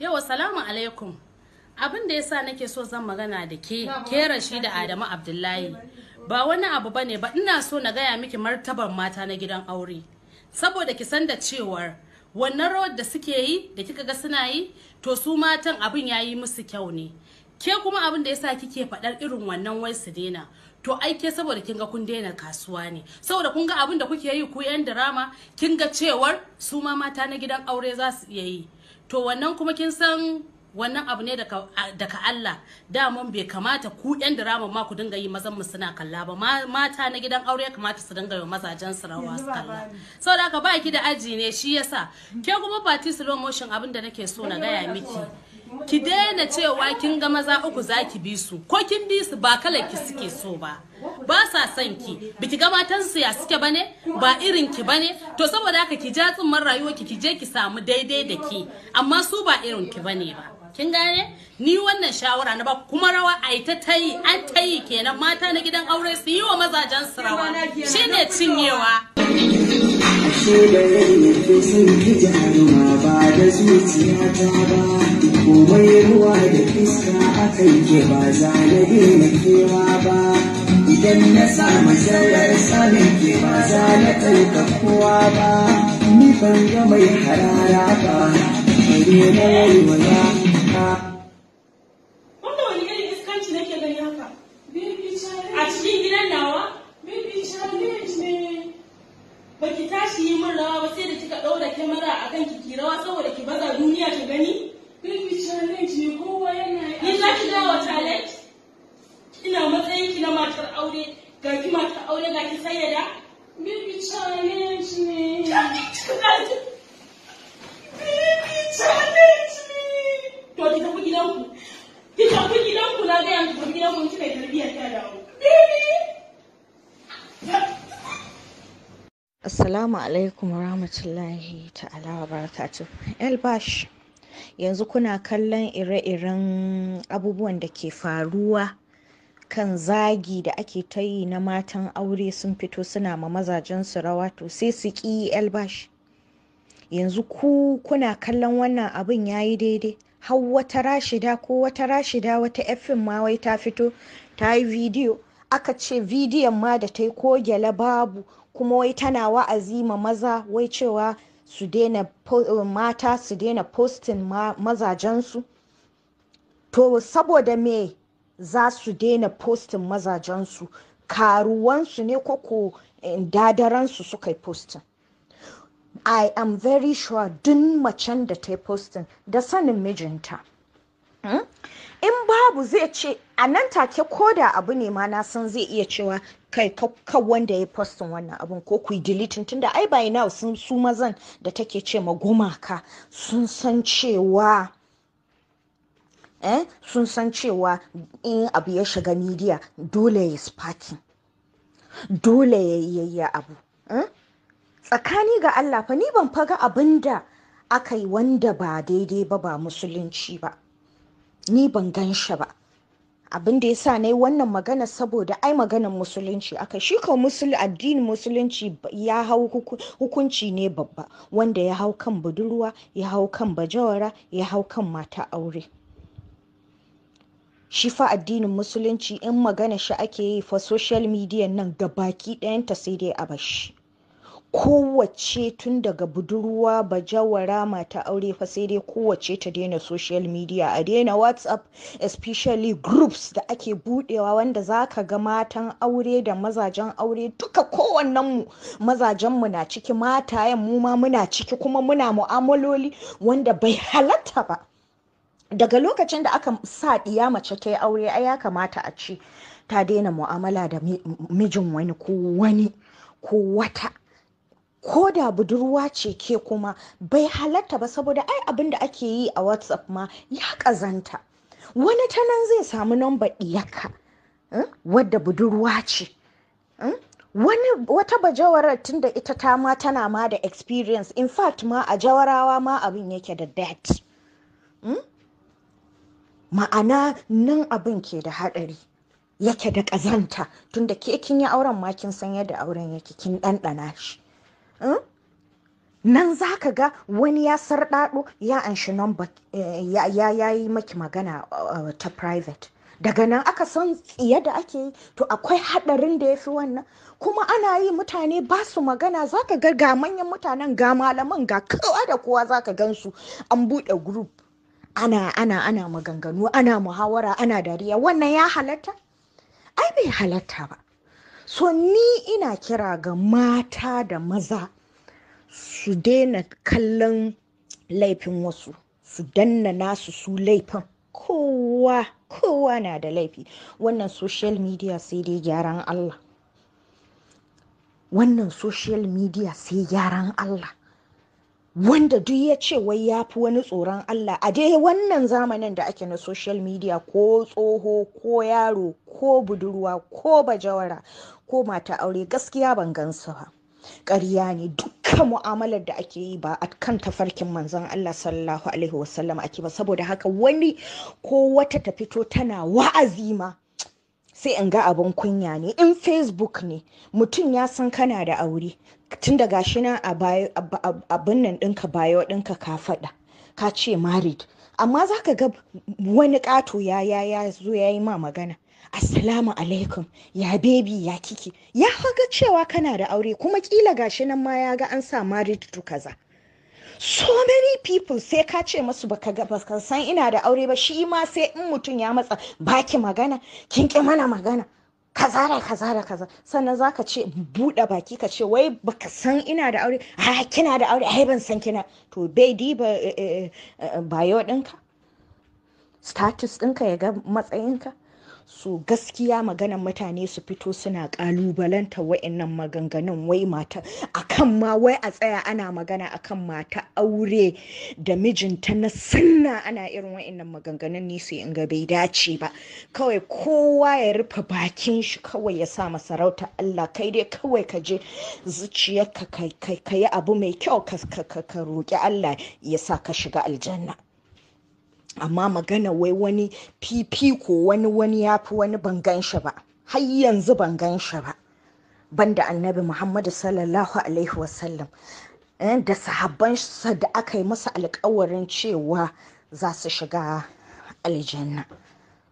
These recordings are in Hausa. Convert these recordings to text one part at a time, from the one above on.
Yawa salamu alaikum. Abin da yasa nake so zan magana da ke kera shi da Adamu Abdullahi. Ba wani abu bane ba ina so na gaya miki martaban mata na gidan aure. Saboda ki san da cewar wannan rawar da suke yi da kika ga suna yi to su matan abin yayi musu kyau ne. ke kuma abin da yasa kike faɗar irin wannan wai su daina to ai ke saboda kin ga kun daina kasuwa ne saboda kun ga abin da kuke yi ku yan drama kin ga cewar su ma mata na gidan aure za su iya yi to wannan kuma kin san wannan abu ne daga Allah daman bai kamata ku yan drama ma ku dinga yi mazan mu suna kalla ba mata na gidan aure ya kamata su dinga yi mazajen su rawa su kalla saboda haka ba ki da aji ne shi yasa ke kuma party slow motion abin da nake so na gaya miki ki daina cewa kin ga maza uku zaki bi su ko kin bi su ba kalar ki suke so ba ba sa son ki biki ga matan su ya suke bane ba irin ki bane to saboda haka ki ja tsumman rayuwar ki ki je ki samu daidai da ki amma su ba irin ki bane ba kin gane ni wannan shawara na ba kuma rawa yi ta tayi an tayi kenan mata na gidan aure su yi wa mazajen su rawa shine cinyewa da jaruma ba da zuciya ta ba komai ruwa da iska aka yi ba za na daina kewa ba idan na samu sharar samun ke ba za na ɗauka kowa ba ni ban ga mai harara ba bari na walwala ka a cikin gidan nawa? Baki tashi yi min rawa ba sai da kika ɗaura kyamara a kan ki rawa saboda ki baza duniya ta gani? Baby challenge ne kowa yana yi. Ni za ki dawo challenge? Ina matsayin ki na matar aure ga ki matar aure ga ki sayyada? Baby challenge ne. Challenge challenge. Baby challenge ne. To ki tafi gidanku. Ki tafi gidanku na ga yanzu tafi gidanku in kika tarbiyyar ta dawo. Baby. Assalamu alaikum warahmatullahi ta'ala wa barakatuh. El yanzu kuna kallon ire-iren abubuwan da ke faruwa kan zagi da ake ta yi na matan aure sun fito suna ma mazajensu rawa to sai su ƙi albashi yanzu ku kuna kallon wannan abin ya yi daidai har wata rashida ko wata rashida wata fm ma wai ta fito ta yi bidiyo aka ce bidiyon ma da ta yi ko gyale babu kuma wai tana wa'azi ma maza wai cewa su daina eh, mata su daina postin mazajensu to saboda me za su daina postin mazajensu karuwansu ne koko eh, dadaransu suka yi postin i am very sure duk macen da ta yi postin da sanin mijinta Hmm? in babu zai ce a nan take koda abu ne ma na san zai iya cewa kai ka wanda ya postin wannan abun ko ku deleting tunda ai by now sun su mazan da take ce ma gumaka sun san cewa eh sun san cewa in abu ya shiga media dole ya sparking dole ya yi abu hmm? tsakani ga Allah fa ni ban faga abin da aka yi wanda ba daidai ba ba musulunci ba ni ban gan shi ba abin da ya sa na yi wannan magana saboda ai maganan musulunci aka shi kan addinin musulunci ya hau hukunci ne babba wanda ya hau kan budurwa ya hau kan bajawara ya hau kan mata aure shi fa addinin musulunci in magana shi ake yi fa social media nan gabaki ɗayanta sai dai a bashi kowace tun daga budurwa bajawara mata aure fa sai dai kowace ta daina social media a daina whatsapp especially groups da ake budewa wanda zaka ga matan aure da mazajen aure duka kowannen mu mazajen mu na ciki matayen mu ma muna ciki kuma muna mu'amaloli wanda bai halatta ba daga lokacin da aka sa ɗiya mace ta yi aure ai ya kamata a ce ta daina mu'amala da mijin wani ko wani ko wata ko da budurwa ce ke kuma bai halatta ba saboda ai abin da ake yi a whatsapp ma ya kazanta. wani ta nan zai samu namba ɗiyaka eh, wadda budurwa ce eh, wani wata bajawarar tun da ita ta ma tana ma da experience in fact ma a jawarawa ma abin yake da that eh, ma'ana nan abin ke da haɗari yake da ƙazanta tunda ke kin yi auren ma kin san yadda auren yake kin ɗanɗana shi Eh? nan za ka ga wani ya sarɗaɗo ya anshi number eh, ya yi maki magana eh, ta private daga nan aka san tsiye da ake yi to akwai haɗarin da ya fi wannan kuma ana yi mutane ba su magana za ka ga ga manyan mutanen ga malaman ga kowa da kowa za ka gansu an buɗe group ana ana ana maganganu ana muhawara ana dariya wannan ya halatta ai bai halatta ba so ni ina kira ga mata da maza su daina kallon laifin wasu su danna nasu su laifin kowa kowa na da laifi wannan social media sai dai gyaran allah wannan social media sai gyaran allah wanda duk ya ce wai ya fi wani tsoron Allah a dai wannan zamanin da ake na social media ko tsoho ko yaro ko budurwa ko bajawara ko mata aure gaskiya ban gansa ba ƙarya ne dukkan mu'amalar da ake yi ba a kan tafarkin manzon Allah sallallahu alaihi wasallam ake ba saboda haka wani ko wata ta fito tana wa'azi ma sai in ga abin kunya ne in facebook ne mutum ya san kana da aure tun da gashi na abin nan ɗinka bayo ɗinka ka faɗa ka ce married amma za ka ga wani kato ya ya ya zo ya yi ma magana assalamu alaikum ya baby ya kiki ya ga cewa kana da aure kuma kila gashi nan ma ya ga an sa married to kaza so many people sai ka ce masu baka baka san ina da aure ba shi ma sai in mutum ya matsa baki magana kin ki mana magana kaza da kaza da kaza sannan zaka ce buɗe baki ka ce wai baka san ina da aure a kina da aure ai ban san kina to bai diba eh, eh, eh, bayo ɗinka status ɗinka ya ga matsayinka su gaskiya maganan mutane su fito suna kalubalanta wa'annan maganganun wai mata akan ma wai a tsaya ana magana akan mata aure da mijinta na sunna ana irin wa'annan maganganun ni sai in ga bai dace ba kawai kowa ya rufe bakin shi kawai ya sa masarauta Allah kai dai kawai ka je zuciyarka ka yi abu mai kyau ka roƙi Allah ya sa ka shiga aljanna amma magana wai wani ko wani wani ya fi wani ban gan shi ba har yanzu ban gan shi ba banda annabi muhammadu sallallahu alaihi wasallam eh, da sa da aka yi masa alkawarin cewa za su shiga aljanna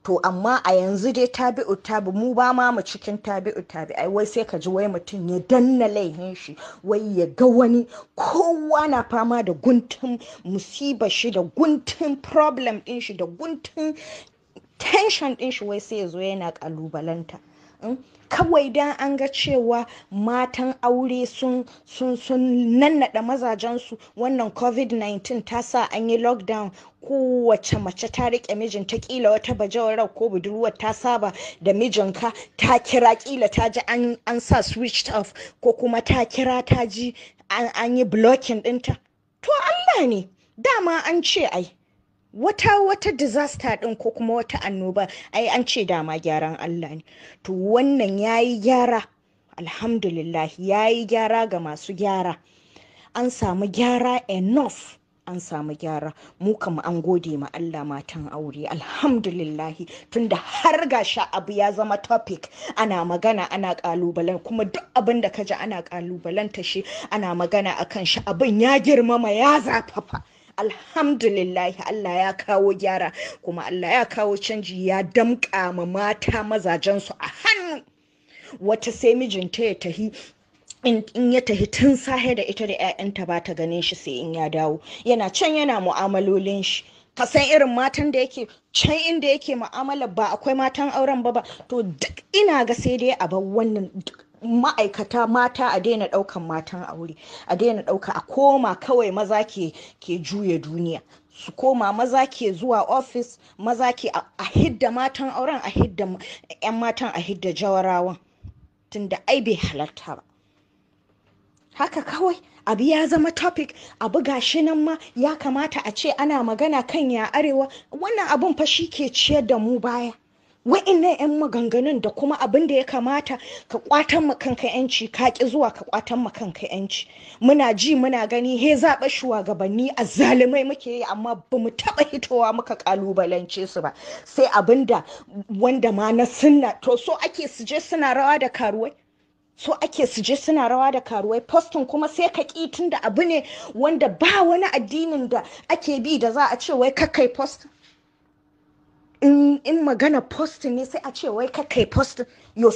to amma a yanzu dai tabi'u tabi mu ba ma mu cikin tabi'u tabi ai wai sai ka ji wai mutum ya danna laihin shi wai ya ga wani kowa na fama da guntun musiba shi da guntun problem din shi da guntun tension din shi wai sai ya zo yana kalubalanta Mm? kawai dan an ga cewa matan aure sun sun sun nannaɗa mazajensu wannan covid-19 ta sa an yi lockdown kowace mace ta riƙe mijinta kila wata bajawarar ko budurwar ta saba da mijinka ta kira ƙila ta ji an sa switched off ko kuma ta kira ta ji an yi blocking ɗinta to Allah ne dama an ce ai wata wata disaster din ko kuma wata annoba ai an ce dama gyaran Allah ne to wannan yayi gyara alhamdulillah yayi gyara ga masu gyara an samu gyara enough an samu gyara mu kama an gode ma Allah matan aure alhamdulillahi tunda har ga abu ya zama topic ana magana ana kalubalen kuma duk abin da kaji ana kalubalanta shi ana magana akan shi abin ya girmama ya zafafa alhamdulillahi Allah ya kawo gyara kuma Allah ya kawo canji ya damƙa ma mata mazajensu a hannu wata sai mijinta ya tahi in ya tahi tun sahe da ita da 'ya'yanta ba ta ganin shi sai in ya dawo yana can yana mu'amalolin shi ka san irin matan da yake can inda yake mu'amala ba akwai matan auren ba ba to duk ina ga sai dai a bar wannan duk ma'aikata mata a daina ɗaukan matan aure a daina ɗauka a koma kawai maza ke ke juya duniya su koma maza ke zuwa ofis maza ke a hidda matan auren a hidda 'yan matan a hidda jawarawan tunda ai bai halarta ba haka kawai abu ya zama topic abu gashi nan ma ya kamata a ce ana magana kan ya arewa wannan abun fa shi ke ciyar da mu baya wa'innan 'yan maganganun da kuma abin da ya kamata ka kwatan makanka yanci ka ki zuwa ka kwatan makanka yanci muna ji muna gani he zaɓa shugabanni a zalimai muke yi amma ba mu taɓa hitowa muka kalubalance su ba sai abin da wanda ma na sunna to so ake su je suna rawa da karuwai so ake su suna rawa da karuwai postin kuma sai ka ƙi tun da abu ne wanda ba wani addinin da ake bi da za a ce wai kakai postin in magana post ne sai a ce wai ka kai posting yo